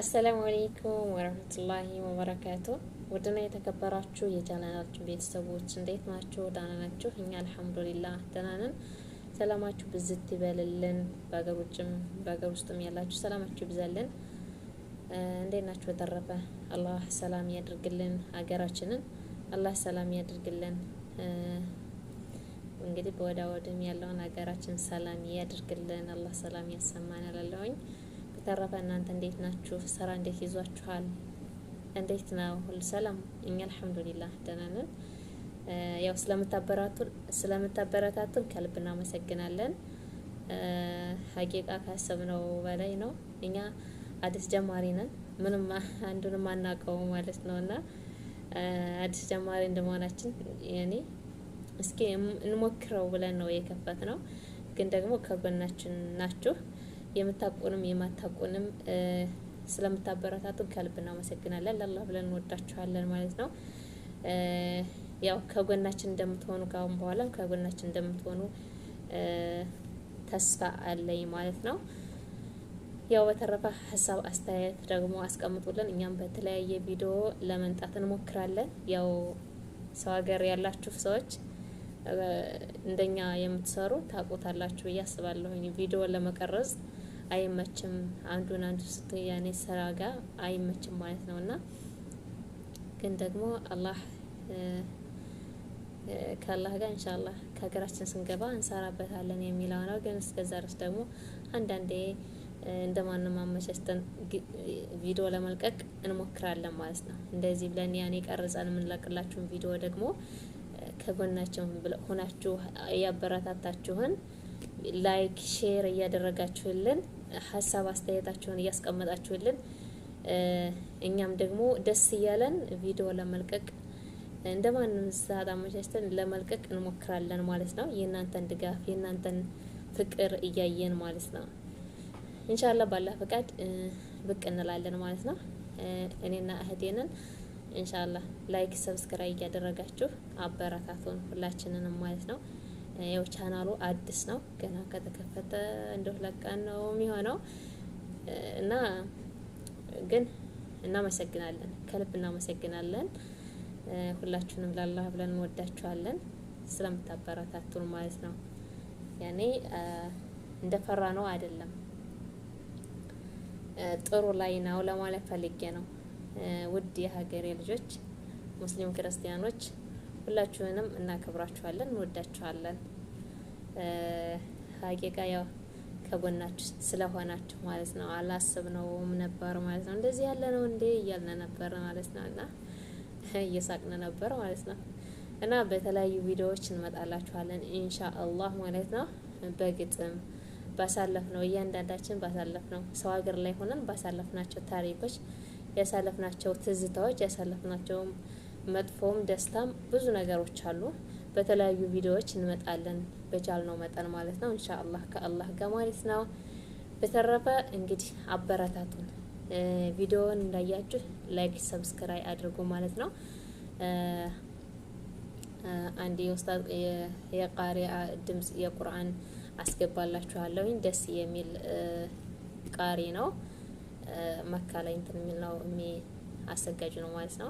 አሰላሙ አሌይኩም ወረህመቱላሂ ወበረካቱ። ውድና የተከበራችሁ የቻናላችን ቤተሰቦች እንዴት ናችሁ? ደህና ናችሁ? እኛ አልሐምዱሊላ ደህና ነን። ሰላማችሁ ብዝት ይበልልን። በሀገር ውጭም በሀገር ውስጥም ያላችሁ ሰላማችሁ ይብዛልን። እንዴት ናችሁ? በተረፈ አላህ ሰላም ያድርግልን ሀገራችንን፣ አላህ ሰላም ያድርግልን። እንግዲህ በወዳ ወድም ያለውን ሀገራችን ሰላም ያድርግልን። አላህ ሰላም ያሰማን አላለሁኝ በተረፈ እናንተ እንዴት ናችሁ? ስራ እንዴት ይዟችኋል? እንዴት ነው? ሁሉ ሰላም? እኛ አልሐምዱሊላህ ደህና ነን። ያው ስለምታበረታቱን ስለምታበረታቱን ከልብ እናመሰግናለን። ሀቂቃ ካሰብነው በላይ ነው። እኛ አዲስ ጀማሪ ነን፣ ምንም አንዱንም አናውቀው ማለት ነው እና አዲስ ጀማሪ እንደመሆናችን እኔ እስኪ እንሞክረው ብለን ነው የከፈት ነው። ግን ደግሞ ከጎናችን ናችሁ የምታቁንም የማታቁንም ስለምታበረታቱን ከልብ እናመሰግናለን። ለላ ብለን እንወዳችኋለን ማለት ነው። ያው ከጎናችን እንደምትሆኑ ካሁን በኋላም ከጎናችን እንደምትሆኑ ተስፋ አለኝ ማለት ነው። ያው በተረፈ ሀሳብ አስተያየት ደግሞ አስቀምጡልን። እኛም በተለያየ ቪዲዮ ለመምጣት እንሞክራለን። ያው ሰው ሀገር ያላችሁ ሰዎች እንደኛ የምትሰሩ ታውቁታላችሁ ብዬ አስባለሁኝ ቪዲዮ ለመቀረጽ አይመችም። አንዱን አንዱ ስት ያኔ ስራ ጋር አይመችም ማለት ነው እና ግን ደግሞ አላህ ከአላህ ጋር ኢንሻአላህ ከሀገራችን ስንገባ እንሰራበታለን የሚለው ነው። ግን እስከዛ ድረስ ደግሞ አንዳንዴ እንደማንም አመቻችተን ቪዲዮ ለመልቀቅ እንሞክራለን ማለት ነው። እንደዚህ ብለን ያኔ ቀርጸን የምንለቅላችሁን ቪዲዮ ደግሞ ከጎናችሁ ሆናችሁ እያበረታታችሁን ላይክ ሼር እያደረጋችሁልን ሀሳብ አስተያየታችሁን እያስቀመጣችሁልን እኛም ደግሞ ደስ እያለን ቪዲዮ ለመልቀቅ እንደ ማንም ሰዓት አመቻችተን ለመልቀቅ እንሞክራለን ማለት ነው። የእናንተን ድጋፍ የእናንተን ፍቅር እያየን ማለት ነው። እንሻላ ባላ ፈቃድ ብቅ እንላለን ማለት ነው። እኔና እህቴንን እንሻላ ላይክ፣ ሰብስክራይብ እያደረጋችሁ አበረታቱን ሁላችንንም ማለት ነው። ያው ቻናሉ አዲስ ነው ገና ከተከፈተ እንደው ለቀን ነው የሚሆነው እና ግን እናመሰግናለን፣ ከልብ እናመሰግናለን። ሁላችሁንም ላላህ ብለን እንወዳችኋለን ስለምታበረታቱን ማለት ነው። ያኔ እንደፈራ ነው አይደለም፣ ጥሩ ላይ ነው ለማለት ፈልጌ ነው። ውድ የሀገሬ ልጆች ሙስሊም ክርስቲያኖች ሁላችሁንም እናከብራችኋለን፣ እንወዳችኋለን። ሀቂቃ ያው ከጎናችሁ ስለሆናችሁ ማለት ነው። አላሰብነውም ነበር ማለት ነው። እንደዚህ ያለ ነው እንዴ እያልን ነበር ማለት ነው እና እየሳቅን ነበር ማለት ነው እና በተለያዩ ቪዲዮዎች እንመጣላችኋለን ኢንሻ አላህ ማለት ነው። በግጥም ባሳለፍ ነው እያንዳንዳችን ባሳለፍነው ሰው ሀገር ላይ ሆነን ባሳለፍናቸው ታሪኮች፣ ያሳለፍናቸው ትዝታዎች፣ ያሳለፍናቸውም መጥፎም ደስታም ብዙ ነገሮች አሉ። በተለያዩ ቪዲዮዎች እንመጣለን በቻልነው መጠን ማለት ነው። ኢንሻአላህ ከአላህ ጋር ማለት ነው። በተረፈ እንግዲህ አበረታቱን። ቪዲዮውን እንዳያችሁ ላይክ፣ ሰብስክራይ አድርጉ ማለት ነው። አንድ የኡስታዝ የቃሪያ ድምጽ የቁርአን አስገባላችኋለሁ። ደስ የሚል ቃሪ ነው። መካ ላይ እንትን የሚል ነው። አሰጋጅ ነው ማለት ነው።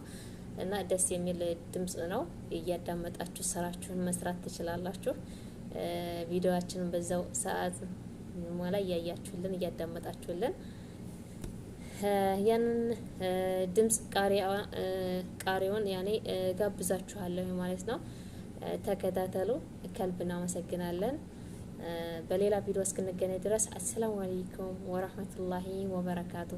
እና ደስ የሚል ድምጽ ነው። እያዳመጣችሁ ስራችሁን መስራት ትችላላችሁ። ቪዲዮችንን በዛው ሰዓት ሞላ እያያችሁልን እያዳመጣችሁልን ያንን ድምጽ ቃሪውን ያኔ ጋብዛችኋለሁ ማለት ነው። ተከታተሉ። ከልብ እናመሰግናለን። በሌላ ቪዲዮ እስክንገናኝ ድረስ አሰላሙ አለይኩም ወራህመቱላሂ ወበረካቱ።